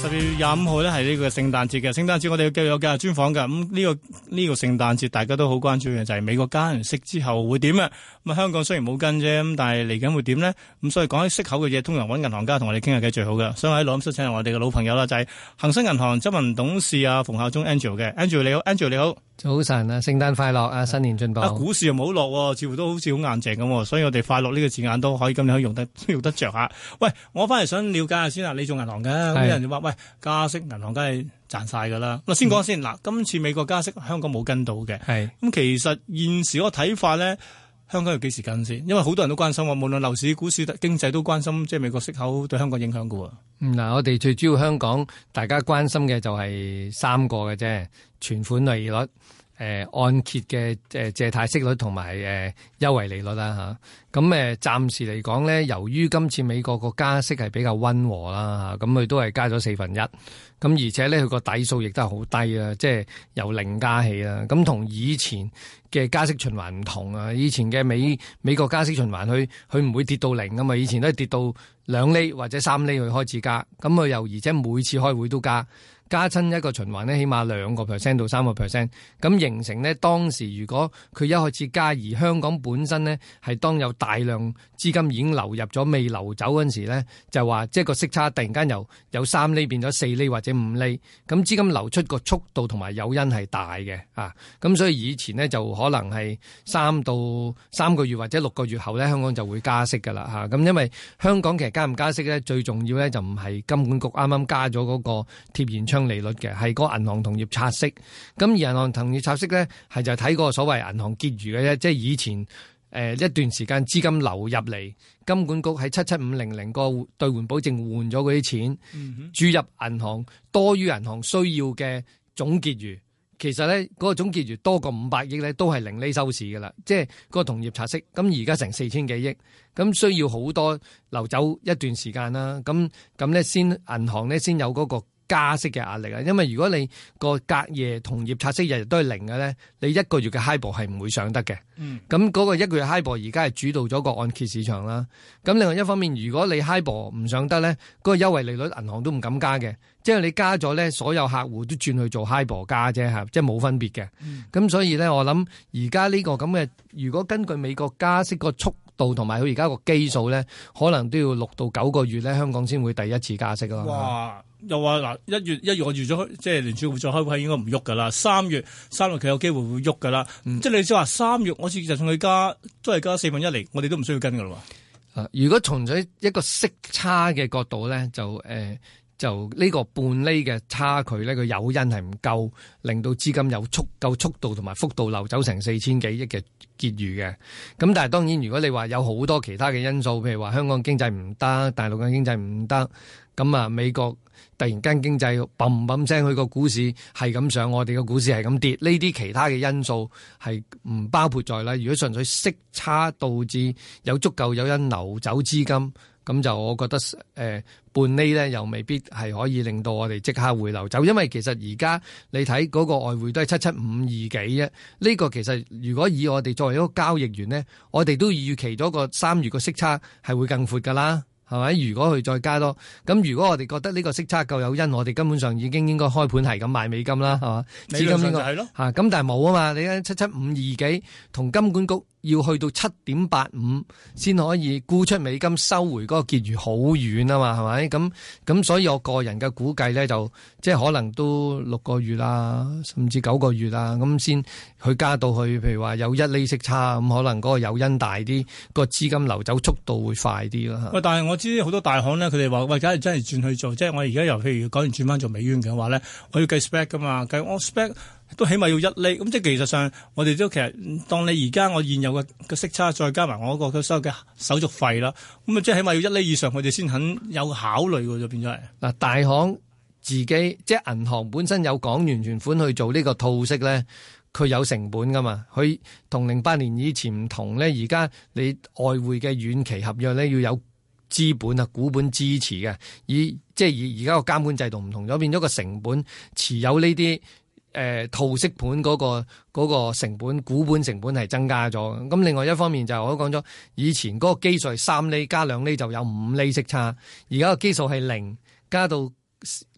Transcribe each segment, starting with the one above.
十二月廿五號呢，係呢個聖誕節嘅聖誕節，我哋要繼續有今日專訪嘅咁呢個呢、這個聖誕節，大家都好關注嘅就係、是、美國加完息之後會點啊咁啊香港雖然冇跟啫咁，但係嚟緊會點呢？咁、嗯、所以講起息口嘅嘢，通常揾銀行家同我哋傾下偈最好嘅，所以我喺錄音室請嚟我哋嘅老朋友啦，就係、是、恒生銀行執行董事啊馮孝忠 Andrew 嘅 Andrew 你好 Andrew 你好。Andrew, 你好早晨啊，聖誕快樂啊，新年進步啊，啊，股市又冇落，似乎都好似好硬淨咁，所以我哋快樂呢個字眼都可以咁樣用得用得着下。喂，我返嚟想了解下先啦，你做銀行嘅，啲人就話喂加息銀，銀行梗係賺晒噶啦。先講先嗱，今次美國加息，香港冇跟到嘅。係咁，嗯，其實現時嗰個睇法呢，香港要幾時跟先？因為好多人都關心喎，無論樓市、股市、經濟都關心，即係美國息口對香港影響噶。嗯，嗱，我哋最主要香港大家關心嘅就係三個嘅啫。存款利率、誒按揭嘅誒借貸息率同埋誒優惠利率啦嚇。咁誒暫時嚟講咧，由於今次美國個加息係比較溫和啦嚇，咁佢都係加咗四分一。咁而且咧，佢個底數亦都係好低啊，即係由零加起啦。咁同以前嘅加息循環唔同啊。以前嘅美美國加息循環，佢佢唔會跌到零啊嘛。以前都係跌到兩厘或者三厘去開始加。咁佢又而且每次開會都加。加親一個循環咧，起碼兩個 percent 到三個 percent，咁形成咧當時，如果佢一開始加，而香港本身咧係當有大量資金已經流入咗未流走陣時咧，就話即係個息差突然間由有三厘變咗四厘或者五厘，咁資金流出個速度同埋誘因係大嘅啊，咁所以以前咧就可能係三到三個月或者六個月後咧，香港就會加息㗎啦吓，咁因為香港其實加唔加息咧最重要咧就唔係金管局啱啱加咗嗰個貼現窗。利率嘅係個銀行同業拆息，咁而銀行同業拆息咧係就睇個所謂銀行結餘嘅啫，即係以前誒一段時間資金流入嚟，金管局喺七七五零零個兌換保證換咗嗰啲錢、嗯哼、注入銀行多於銀行需要嘅總結餘，其實咧嗰個總結餘多過五百億咧都係零厘收市噶啦，即係個同業拆息咁而家成四千幾億咁，需要好多流走一段時間啦。咁咁咧先銀行咧先有嗰個。加息嘅壓力啊，因為如果你個隔夜同業拆息日日都係零嘅咧，你一個月嘅 HIBOR 係唔會上得嘅。嗯，咁嗰個一個月 HIBOR 而家係主導咗個按揭市場啦。咁另外一方面，如果你 HIBOR 唔上得咧，嗰、嗰個優惠利率銀行都唔敢加嘅，即係你加咗咧，所有客戶都轉去做 HIBOR 加啫嚇，即係冇分別嘅。咁、嗯、所以咧，我諗而家呢個咁嘅，如果根據美國加息個速度同埋佢而家個基數咧，可能都要六到九個月咧，香港先會第一次加息咯。哇！又話嗱，一月一月我預咗，即係聯儲會再開會應該唔喐噶啦。三月三六期有機會會喐噶啦。即係你先話三月我，我次就算佢加都係加四分一厘，我哋都唔需要跟噶啦。啊！如果從咗一個息差嘅角度咧，就誒。呃就呢個半厘嘅差距，呢個誘因係唔夠，令到資金有足夠速度同埋幅度流走成四千幾億嘅結餘嘅。咁但係當然，如果你話有好多其他嘅因素，譬如話香港經濟唔得，大陸嘅經濟唔得，咁啊美國突然間經濟砰砰聲，佢個股市係咁上，我哋嘅股市係咁跌，呢啲其他嘅因素係唔包括在啦。如果純粹息差導致有足夠誘因流走資金。咁就我覺得誒、呃、半釐咧，又未必係可以令到我哋即刻回流走，因為其實而家你睇嗰個外匯都係七七五二幾啫。呢、這個其實如果以我哋作為一個交易員呢，我哋都預期咗個三月個息差係會更闊㗎啦，係咪？如果佢再加多，咁如果我哋覺得呢個息差夠有因，我哋根本上已經應該開盤係咁買美金啦，係嘛？美金應該係咯嚇，咁、啊、但係冇啊嘛，你睇七七五二幾同金管局。要去到七點八五先可以沽出美金收回嗰個結餘，好遠啊嘛，係咪？咁，咁所以我個人嘅估計咧，就即係可能都六個月啦，甚至九個月啦，咁先佢加到去，譬如話有一厘息差咁，可能嗰個誘因大啲，個資金流走速度會快啲咯。喂，但係我知好多大行咧，佢哋話喂，而家真係轉去做，即係我而家由譬如改轉轉翻做美元嘅話咧，我要計 spec 噶嘛，計我 spec。都起碼要一厘咁，即係其實上我哋都其實當你而家我現有嘅個息差，再加埋我個嘅所有嘅手續費啦，咁啊，即係起碼要一厘以上，我哋先肯有考慮嘅。就變咗係嗱大行自己即係銀行本身有港元存款去做呢個套息咧，佢有成本噶嘛，佢同零八年以前唔同咧，而家你外匯嘅遠期合約咧要有資本啊股本支持嘅，以即係而而家個監管制度唔同咗，變咗個成本持有呢啲。誒、呃，套息盤嗰個嗰、嗰個成本，股本成本係增加咗。咁另外一方面就係、我都講咗，以前嗰個基數三厘加兩厘就有五厘息差，而家個基數係零加到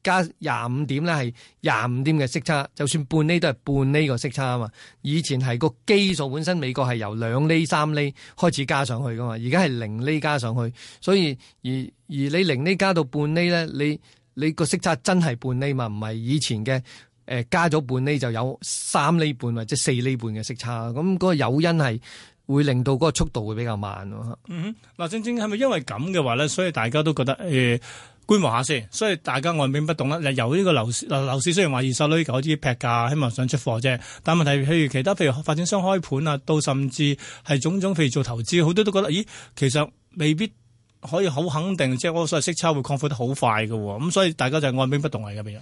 加廿五點咧，係廿五點嘅息差。就算半厘都係半厘個息差啊嘛。以前係個基數本身，美國係由兩厘、三厘開始加上去噶嘛，而家係零厘加上去，所以而而你零厘加到半厘咧，你你個息差真係半厘嘛，唔係以前嘅。誒，加咗半厘就有三厘半或者四厘半嘅息差，咁嗰個誘因係會令到嗰個速度會比較慢咯。嗯，嗱，正正係咪因為咁嘅話咧，所以大家都覺得誒、呃、觀望下先，所以大家按兵不動啦。由呢個樓市，樓市雖然話二手樓依家開始劈價，希望想出貨啫，但問題譬如其他，譬如發展商開盤啊，到甚至係種種，譬如做投資，好多都覺得，咦，其實未必可以好肯定，即係嗰個息差會擴闊得好快喎。咁所以大家就係按兵不動嚟嘅，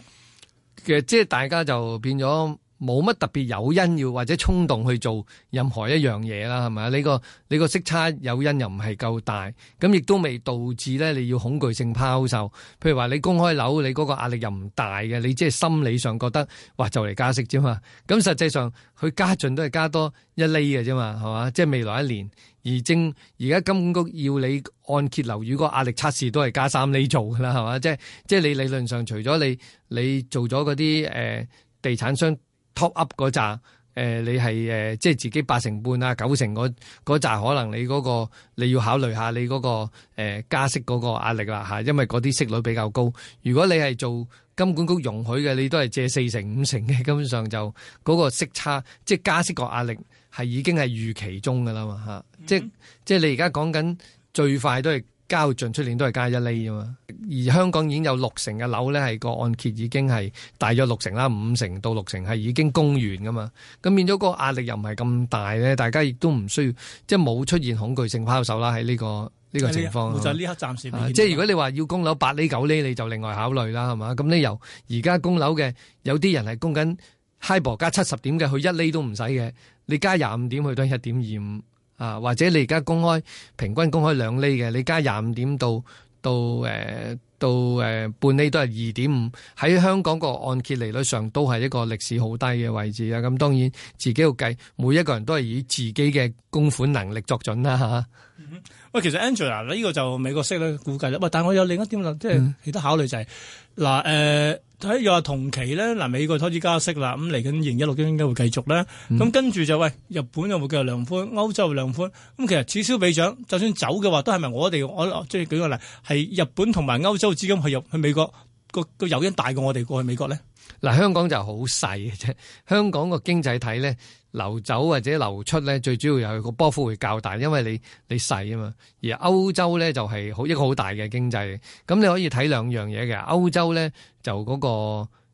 其實即係大家就變咗。冇乜特別誘因要或者衝動去做任何一樣嘢啦，係咪？你個你個息差誘因又唔係夠大，咁亦都未導致咧你要恐懼性拋售。譬如話你公開樓，你嗰個壓力又唔大嘅，你即係心理上覺得哇就嚟加息啫嘛。咁實際上佢加盡都係加多一厘嘅啫嘛，係嘛？即係未來一年而正而家金管局要你按揭樓，如果壓力測試都係加三厘做㗎啦，係嘛？即係即係你理論上除咗你你做咗嗰啲誒地產商。Top up 嗰扎，誒、呃、你係誒、呃、即係自己八成半啊，九成嗰嗰扎，可能你嗰、嗰個你要考慮下你嗰、嗰個、呃、加息嗰個壓力啦嚇，因為嗰啲息率比較高。如果你係做金管局容許嘅，你都係借四成五成嘅，根本上就嗰、嗰個息差即係加息個壓力係已經係預期中噶啦嘛嚇，即即係你而家講緊最快都係。交進出年都係加一厘啫嘛，而香港已經有六成嘅樓咧，係個按揭已經係大約六成啦，五成到六成係已經供完噶嘛，咁變咗個壓力又唔係咁大咧，大家亦都唔需要即係冇出現恐懼性拋售啦，喺呢個呢個情況。就呢刻暫時，即係如果你話要供樓八厘九厘，你就另外考慮啦，係嘛？咁呢由而家供樓嘅有啲人係供緊 H 加七十點嘅，佢一厘都唔使嘅，你加廿五點，去到，都一點二五。啊，或者你而家公開平均公開兩厘嘅，你加廿五點到到誒到，到，到半厘都係二點五，喺香港個按揭利率上都係一個歷史好低嘅位置啊！咁當然自己要計，每一個人都係以自己嘅供款能力作準啦嚇。喂、嗯，其實 Angela，呢個就美國式咧估計啦。喂，但係我有另一點啦，即係其他考慮就係、是、嗱、嗯睇又話同期咧，嗱美國開始加息啦，咁嚟緊二零一六年應該會繼續咧。咁、嗯、跟住就喂，日本會有冇叫做量寬？歐洲量寬？咁其實此消彼長，就算走嘅話，都係咪我哋我即係、就是、舉個例，係日本同埋歐洲資金去入去美國。個個誘因大過我哋過去美國咧？嗱，香港就好細嘅啫。香港個經濟體咧，流走或者流出咧，最主要又係個波幅會較大，因為你你細啊嘛。而歐洲咧就係好一個好大嘅經濟。咁你可以睇兩樣嘢嘅，歐洲咧就嗰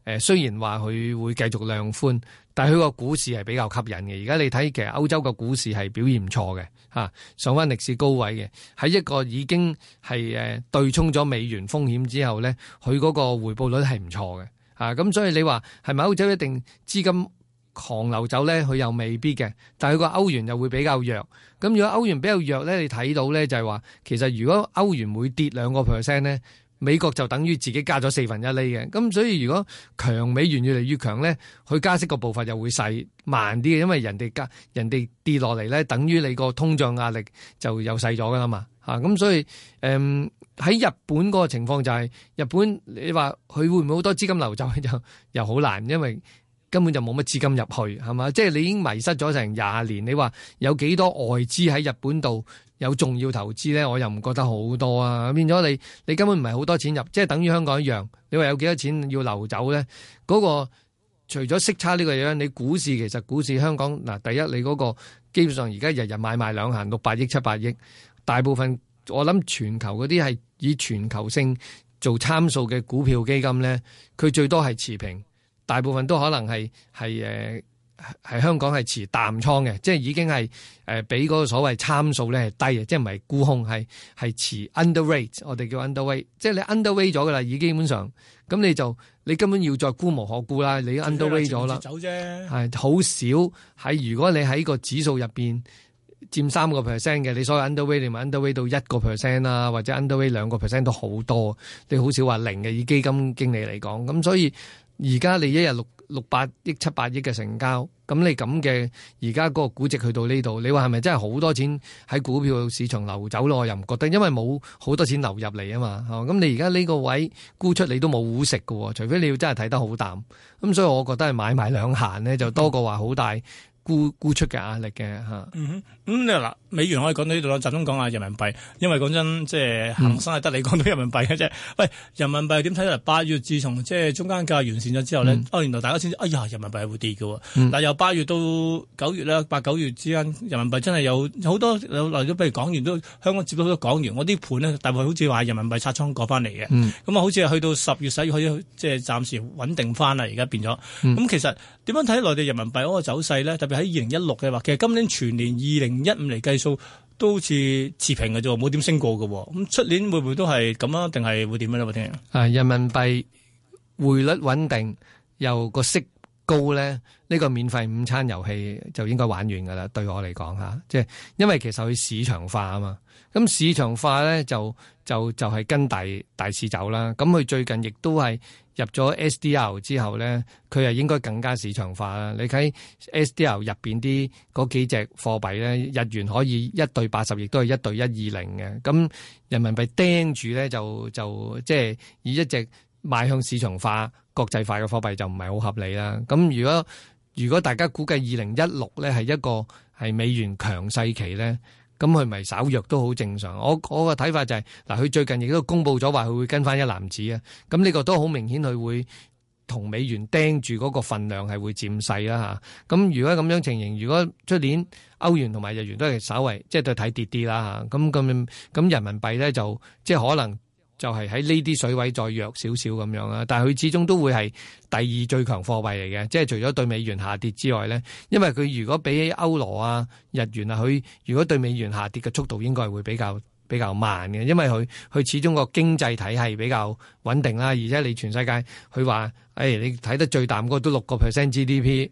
個誒，雖然話佢會繼續量寬。但係佢個股市係比較吸引嘅，而家你睇其實歐洲個股市係表現唔錯嘅，上翻歷史高位嘅，喺一個已經係誒對沖咗美元風險之後咧，佢嗰個回報率係唔錯嘅，咁所以你話係咪歐洲一定資金狂流走咧？佢又未必嘅，但係佢個歐元又會比較弱。咁如果歐元比較弱咧，你睇到咧就係話，其實如果歐元每跌兩個 percent 咧。美國就等於自己加咗四分一厘嘅，咁所以如果強美元越嚟越強咧，佢加息個步伐又會細慢啲嘅，因為人哋加人哋跌落嚟咧，等於你個通脹壓力就又細咗噶啦嘛，吓咁所以誒喺、嗯、日本個情況就係、是、日本你話佢會唔會好多資金流走，又又好難，因為根本就冇乜資金入去係嘛，即係、就是、你已經迷失咗成廿年，你話有幾多外資喺日本度？有重要投資咧，我又唔覺得好多啊。變咗你，你根本唔係好多錢入，即係等於香港一樣。你話有幾多錢要流走咧？嗰、那個除咗息差呢個樣，你股市其實股市香港嗱，第一你嗰、那個基本上而家日日買賣兩行六百億七百億，大部分我諗全球嗰啲係以全球性做參數嘅股票基金咧，佢最多係持平，大部分都可能係係誒。是呃係香港係持淡倉嘅，即係已經係誒俾嗰個所謂參數咧係低嘅，即係唔係沽空，係係持 underweight，我哋叫 underweight，即係你 underweight 咗噶啦，已經基本上咁你就你根本要再沽無可沽啦，你 underweight 咗啦，走啫，係好少喺如果你喺個指數入邊佔三個 percent 嘅，你所謂 underweight 你 underweight 到一個 percent 啦，或者 underweight 兩個 percent 都好多，你好少話零嘅以基金經理嚟講，咁所以而家你一日六六百億、七百億嘅成交，咁你咁嘅而家嗰個估值去到呢度，你話係咪真係好多錢喺股票市場流走咯？我又唔覺得，因為冇好多錢流入嚟啊嘛。咁你而家呢個位沽出，你都冇好食喎，除非你要真係睇得好淡。咁所以，我覺得係買賣兩閒咧，就多過話好大。嗯沽出嘅壓力嘅吓咁你嗱，美元可以講到呢度啦，集中講下人民幣，因為講真，即係、嗯、恒生係得你講到人民幣嘅啫。喂，人民幣點睇嚟？八月自從即係中間價完善咗之後呢、嗯，哦，原來大家先知，哎呀，人民幣會跌喎、嗯。但由八月到九月啦，八九月之間，人民幣真係有好多例如講完都香港接到好多港元，我啲盤呢大部好似話人民幣拆倉過翻嚟嘅。咁、嗯、啊，好似去到十月、十一月即係暫時穩定翻啦。而家變咗，咁其實。嗯點樣睇，內地人民幣嗰個走勢咧？特別喺二零一六嘅話，其實今年全年二零一五嚟，計數都好似持平嘅啫，冇點升過嘅。咁出年會唔會都係咁啊？定係會點樣咧？我聽。啊，人民幣匯率穩定，又個息。高咧，呢、這個免費午餐遊戲就應該玩完㗎啦。對我嚟講吓，即係因為其實佢市場化啊嘛。咁市場化咧就就就係、是、跟大大市走啦。咁佢最近亦都係入咗 SDR 之後咧，佢係應該更加市場化啦。你睇 SDR 入面啲嗰幾隻貨幣咧，日元可以一對八十，亦都係一對一二零嘅。咁人民幣盯住咧就就即係、就是、以一直邁向市場化。國際化嘅貨幣就唔係好合理啦。咁如果如果大家估計二零一六咧係一個係美元強勢期咧，咁佢咪稍弱都好正常。我我個睇法就係、是、嗱，佢最近亦都公布咗話佢會跟翻一籃子啊。咁呢個都好明顯佢會同美元釘住嗰個份量係會佔細啦嚇。咁如果咁樣情形，如果出年歐元同埋日元都係稍為即係對睇跌啲啦嚇。咁咁咁人民幣咧就即係、就是、可能。就係喺呢啲水位再弱少少咁樣啦，但係佢始終都會係第二最強貨幣嚟嘅，即係除咗對美元下跌之外咧，因為佢如果比起歐羅啊、日元啊，佢如果對美元下跌嘅速度應該會比較比較慢嘅，因為佢佢始終個經濟體系比較穩定啦，而且你全世界佢話，誒、哎、你睇得最淡個都六個 percent GDP，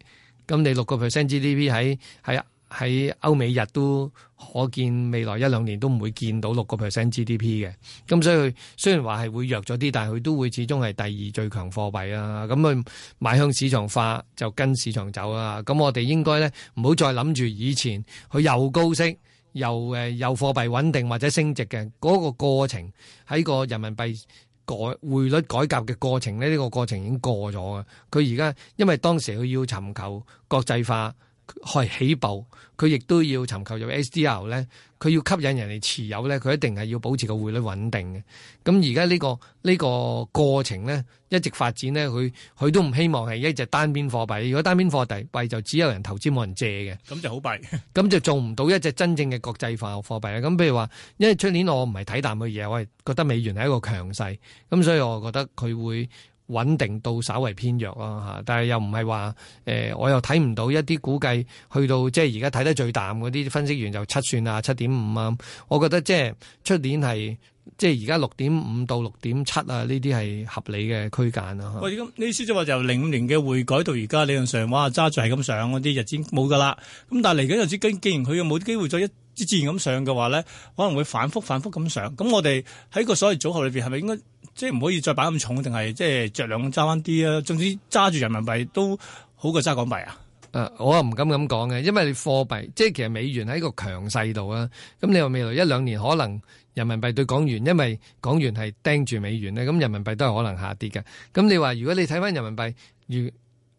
咁你六個 percent GDP 喺喺。喺歐美日都可見，未來一兩年都唔會見到六個 percent GDP 嘅。咁所以佢雖然話係會弱咗啲，但佢都會始終係第二最強貨幣啦。咁佢邁向市場化，就跟市場走啦。咁我哋應該咧唔好再諗住以前佢又高息又誒又貨幣穩定或者升值嘅嗰個過程，喺個人民幣改匯率改革嘅過程呢，呢個過程已經過咗啊！佢而家因為當時佢要尋求國際化。係起步，佢亦都要尋求咗 SDR 咧，佢要吸引人哋持有咧，佢一定係要保持個匯率穩定嘅。咁而家呢個呢個過程咧，一直發展咧，佢佢都唔希望係一隻單邊貨幣。如果單邊貨幣幣就只有人投資冇人借嘅，咁就好弊。咁就做唔到一隻真正嘅國際化貨幣啊。咁譬如話，因為出年我唔係睇淡佢嘢，我係覺得美元係一個強勢，咁所以我覺得佢會。穩定到稍為偏弱啊，吓，但係又唔係話誒，我又睇唔到一啲估計去到即係而家睇得最淡嗰啲，分析員就七算啊、七點五啊，我覺得即係出年係即係而家六點五到六點七啊，呢啲係合理嘅區間啊。喂，咁你意思即係話由零五年嘅匯改到而家理論上哇揸住係咁上嗰啲日子冇噶啦，咁但係嚟緊又知，既然佢又冇機會再一自然咁上嘅話咧，可能會反覆反覆咁上，咁我哋喺個所謂組合裏邊係咪應該？即係唔可以再擺咁重，定係即係着量揸翻啲啊？總之揸住人民幣都好過揸港幣啊！誒、呃，我唔敢咁講嘅，因為你貨幣即係其實美元喺個強勢度啊。咁你話未來一兩年可能人民幣對港元，因為港元係盯住美元咧，咁人民幣都係可能下跌嘅。咁你話如果你睇翻人民幣，如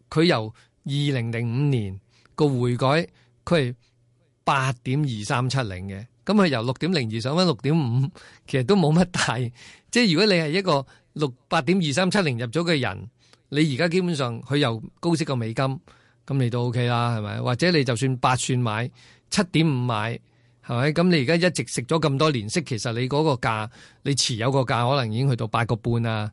佢由二零零五年個匯改，佢係八點二三七零嘅。咁佢由六點零二上翻六點五，5，其實都冇乜大。即係如果你係一個六八點二三七零入咗嘅人，你而家基本上佢由高息個美金，咁你都 O K 啦，係咪？或者你就算八算買七點五買，係咪？咁你而家一直食咗咁多年息，其實你嗰個價，你持有個價可能已經去到八個半啊。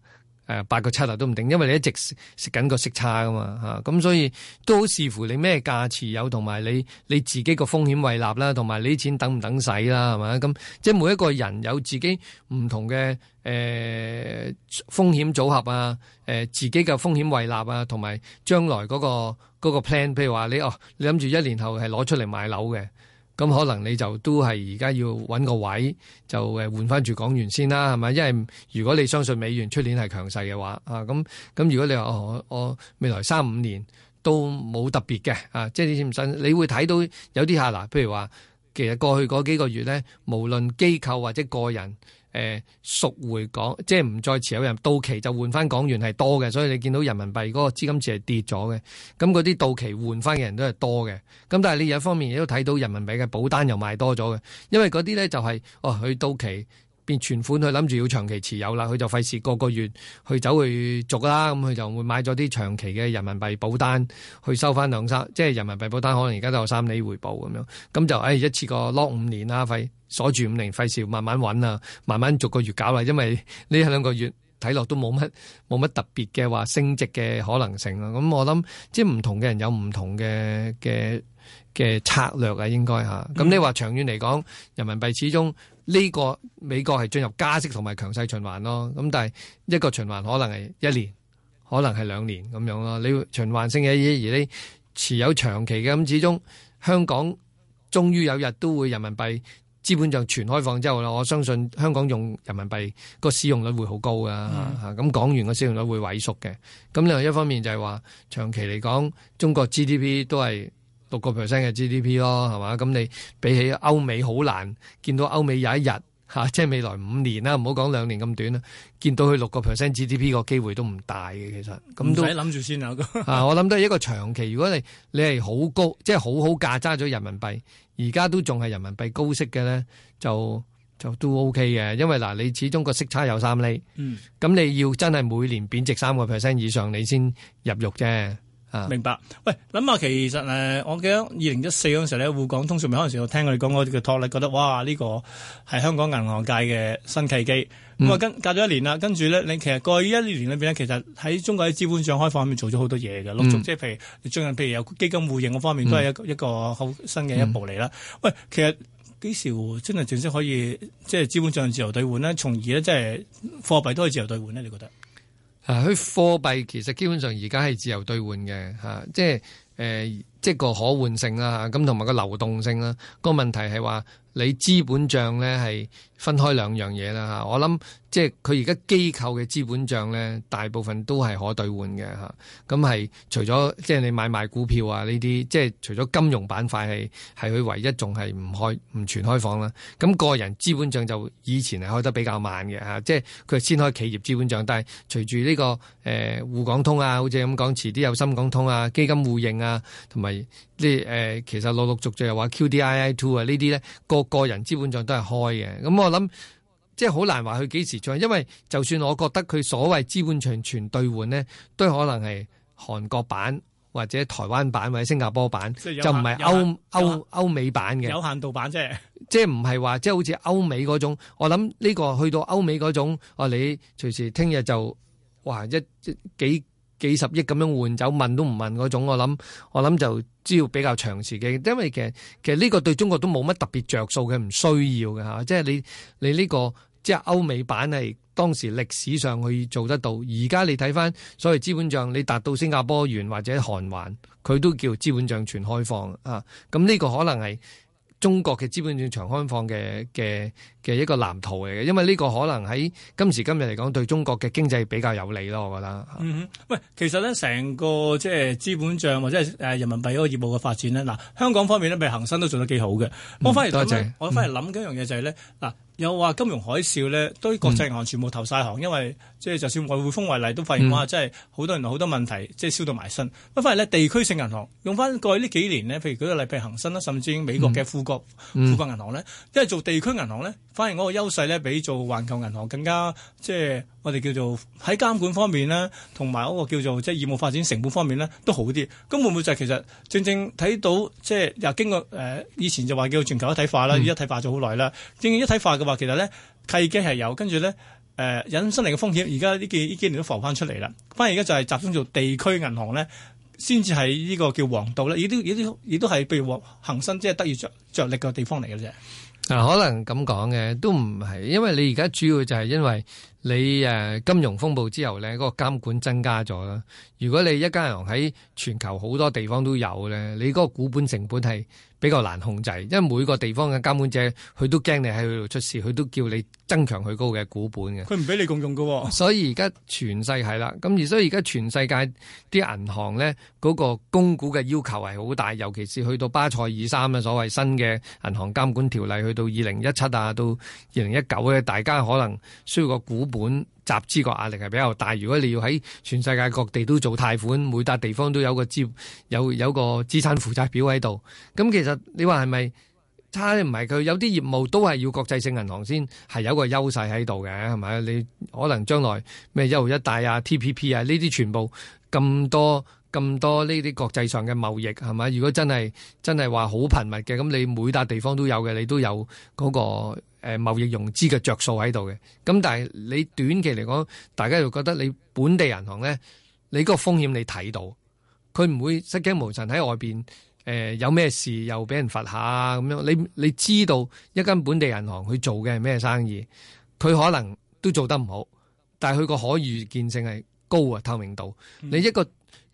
八個七啊都唔定，因為你一直食食緊個息差噶嘛吓，咁、啊、所以都好視乎你咩價持有同埋你你自己個風險胃納啦，同埋你啲錢等唔等使啦，係咪？咁即係每一個人有自己唔同嘅誒、欸、風險組合啊，誒、欸、自己嘅風險胃納啊，同埋將來嗰、那個嗰、那個 plan，譬如話你哦，你諗住一年後係攞出嚟買樓嘅。咁可能你就都係而家要搵個位就誒換翻住港元先啦，係咪？因為如果你相信美元出年係強勢嘅話，啊咁咁如果你話我我，我未來三五年都冇特別嘅啊，即係你信唔信，你會睇到有啲客嗱，譬如話其實過去嗰幾個月呢，無論機構或者個人。誒贖回港，即係唔再持有人到期就換翻港元係多嘅，所以你見到人民幣嗰個資金池係跌咗嘅，咁嗰啲到期換翻嘅人都係多嘅，咁但係你有一方面亦都睇到人民幣嘅保單又賣多咗嘅，因為嗰啲咧就係、是、哦去到期。變存款佢諗住要長期持有啦，佢就費事個個月去走去續，啦，咁佢就會買咗啲長期嘅人民幣保單去收翻兩三，即係人民幣保單可能而家都有三厘回報咁樣，咁就誒一次過 lock 五年啦，費鎖住五年，費事慢慢搵啊，慢慢逐個月搞啦，因為呢一兩個月睇落都冇乜冇乜特別嘅話升值嘅可能性啊，咁我諗即係唔同嘅人有唔同嘅嘅嘅策略啊，應該吓，咁你話長遠嚟講，人民幣始終。呢個美國係進入加息同埋強勢循環咯，咁但係一個循環可能係一年，可能係兩年咁樣咯。你循環性嘅嘢，而你持有長期嘅咁，始終香港終於有日都會人民幣資本就全開放之後啦。我相信香港用人民幣個使用率會好高噶，嚇，咁港元個使用率會萎縮嘅。咁另外一方面就係話長期嚟講，中國 GDP 都係。六個 percent 嘅 GDP 咯，係嘛？咁你比起歐美好難見到歐美有一日嚇、啊，即係未來五年啦，唔好講兩年咁短啦，見到佢六個 percent GDP 個機會都唔大嘅，其實咁都唔使諗住先啊！啊，我諗都係一個長期。如果你你係好高，即係好好價揸咗人民幣，而家都仲係人民幣高息嘅咧，就就都 OK 嘅。因為嗱，你始終個息差有三厘，嗯，咁你要真係每年貶值三個 percent 以上，你先入肉啫。啊、明白。喂，諗下其實誒，我記得二零一四嗰陣時咧，滬港通上面嗰陣時，我聽佢哋講嗰個拖力，覺得哇，呢、這個係香港銀行界嘅新契機。咁、嗯、啊，跟隔咗一年啦，跟住咧，你其實過去呢一年裏邊咧，其實喺中國喺資本帳開放方面做咗好多嘢嘅，陸、嗯、續即係譬如，最近譬如有基金互認嗰方面，嗯、都係一一個好新嘅一步嚟啦、嗯。喂，其實幾時真係正式可以即係資本帳自由兌換呢？從而呢，即係貨幣都可以自由兌換呢？你覺得？啊！佢貨幣其實基本上而家係自由兌換嘅，吓、啊，即係誒。呃即係個可換性啦，咁同埋個流動性啦。個問題係話你資本帳咧係分開兩樣嘢啦嚇。我諗即係佢而家機構嘅資本帳咧，大部分都係可兌換嘅嚇。咁係除咗即係你買賣股票啊呢啲，即係除咗金融板塊係係佢唯一仲係唔開唔全開放啦。咁、那個人資本帳就以前係開得比較慢嘅嚇，即係佢係先開企業資本帳，但係隨住呢、這個誒滬港通啊，好似咁講，遲啲有深港通啊、基金互認啊，同埋。即係誒，其實陸陸續續又話 QDII Two 啊，呢啲咧，個個人資本賬都係開嘅。咁我諗，即係好難話佢幾時再，因為就算我覺得佢所謂資本賬全兌換呢，都可能係韓國版或者台灣版或者新加坡版，就唔係歐歐歐美版嘅。有限度版即係，即係唔係話即係好似歐美嗰種。我諗呢個去到歐美嗰種，我哋隨時聽日就哇一幾。幾十億咁樣換走問都唔問嗰種，我諗我諗就只要比較長時期，因為其實其實呢個對中國都冇乜特別着數嘅，唔需要嘅、啊、即係你你呢、呢個即係歐美版係當時歷史上去做得到，而家你睇翻所謂資本帳，你達到新加坡元或者韓環佢都叫資本帳全開放啊，咁、嗯、呢、呢個可能係。中國嘅資本市場開放嘅嘅嘅一個藍圖嚟嘅，因為呢個可能喺今時今日嚟講，對中國嘅經濟比較有利咯，我覺得。嗯嗯，喂，其實咧，成個即係資本帳或者係誒人民幣嗰個業務嘅發展咧，嗱，香港方面咧，咪恒生都做得幾好嘅、嗯。我翻嚟多謝，我翻嚟諗緊一樣嘢就係、是、咧，嗱、嗯。有話金融海嘯咧，都國際銀行全部投晒行、嗯，因為即係就算外匯豐為例，都發現哇，即係好多人好多問題，即係燒到埋身。咁反而咧，地區性銀行用翻過去呢幾年呢，譬如舉個例，譬如恒生啦，甚至美國嘅富國、嗯、富國銀行咧，因為做地區銀行咧，反而嗰個優勢咧，比做環球銀行更加即係。我哋叫做喺監管方面啦，同埋嗰個叫做即係業務發展成本方面呢，都好啲。咁會唔會就其實正正睇到即係又經過、呃、以前就話叫全球一體化啦，嗯、一體化咗好耐啦。正正一體化嘅話，其實呢契機係有，跟住呢誒引申嚟嘅風險。而家呢幾呢幾年都浮翻出嚟啦。反而而家就係集中做地區銀行呢，先至係呢個叫王道咧。亦都係譬如恒生即係得以着力嘅地方嚟嘅啫。嗱、啊，可能咁講嘅都唔係，因為你而家主要就係因為。你誒金融風暴之後呢，嗰個監管增加咗啦。如果你一間銀行喺全球好多地方都有呢，你嗰個股本成本係比較難控制，因為每個地方嘅監管者佢都驚你喺佢度出事，佢都叫你增強佢嗰個嘅股本嘅。佢唔俾你共用噶喎。所以而家全世界啦，咁而所以而家全世界啲銀行呢，嗰個供股嘅要求係好大，尤其是去到巴塞爾三啊，所謂新嘅銀行監管條例去到二零一七啊，到二零一九呢，大家可能需要個股本。本集資個壓力係比較大，如果你要喺全世界各地都做貸款，每笪地方都有個資有有個資產負債表喺度，咁其實你話係咪？差唔係佢有啲業務都係要國際性銀行先係有個優勢喺度嘅，係咪？你可能將來咩一路一帶啊、TPP 啊呢啲全部咁多咁多呢啲國際上嘅貿易，係咪？如果真係真係話好頻密嘅，咁你每笪地方都有嘅，你都有嗰個。誒貿易融資嘅着數喺度嘅，咁但係你短期嚟講，大家又覺得你本地銀行咧，你嗰個風險你睇到，佢唔會失驚無神喺外邊。誒、呃、有咩事又俾人罰下咁樣？你你知道一間本地銀行去做嘅係咩生意，佢可能都做得唔好，但係佢個可預見性係高啊，透明度。嗯、你一個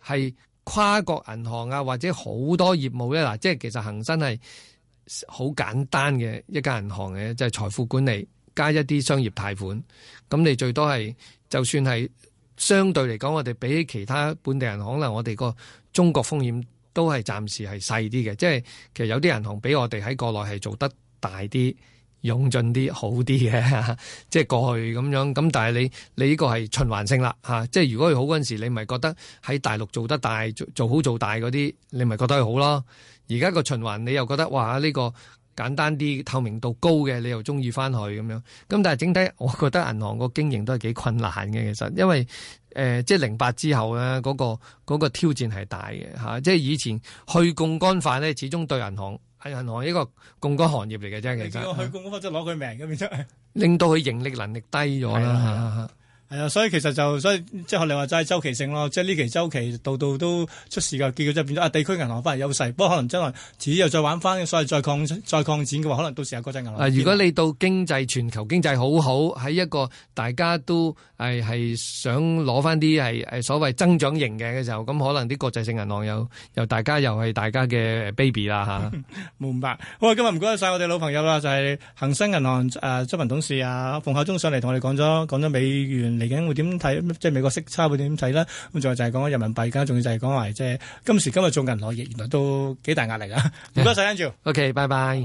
係跨國銀行啊，或者好多業務咧嗱，即係其實恒生係。好簡單嘅一間銀行嘅，即係財富管理加一啲商業貸款。咁你最多係，就算係相對嚟講，我哋比起其他本地銀行，可能我哋個中國風險都係暫時係細啲嘅。即係其實有啲銀行比我哋喺國內係做得大啲。湧進啲好啲嘅、 啊，即係過去咁樣。咁但係你你呢個係循環性啦，即係如果佢好嗰陣時，你咪覺得喺大陸做得大、做做好、做大嗰啲，你咪覺得佢好咯。而家個循環你又覺得哇！呢、這個簡單啲、透明度高嘅，你又中意翻去咁樣。咁、啊、但係整體，我覺得銀行個經營都係幾困難嘅。其實因為誒、呃，即係零八之後咧，嗰、那個嗰、那個、挑戰係大嘅、啊、即係以前去槓桿化咧，始終對銀行。係銀行一個供股行業嚟嘅啫。其實如果去供股即係攞佢命咁樣，真係令到佢盈利能力低咗啦。 是的 是的 係啊，所以其實就所以即係學你話齋係周期性咯，即係呢期周期度度都出事嘅，結果就變咗啊。地區銀行反而優勢，不過可能將來遲啲又再玩翻，所以再擴再擴展嘅話，可能到時啊國際銀行。如果你到經濟全球經濟好好，喺一個大家都係係、哎、想攞翻啲係所謂增長型嘅嘅時候，咁可能啲國際性銀行又又大家又係大家嘅 baby 啦吓。啊、 明白。好啊，今日唔該晒我哋老朋友啦，就係、是、恒生銀行誒執行董事阿馮孝忠上嚟同我哋講咗講咗美元，嚟緊會點睇，即係美國息差會點睇啦。咁仲有就係講緊人民幣，而家仲要就係講埋即係今時今日做銀行業，原來都幾大壓力啊。唔該曬，Angel。OK，拜拜。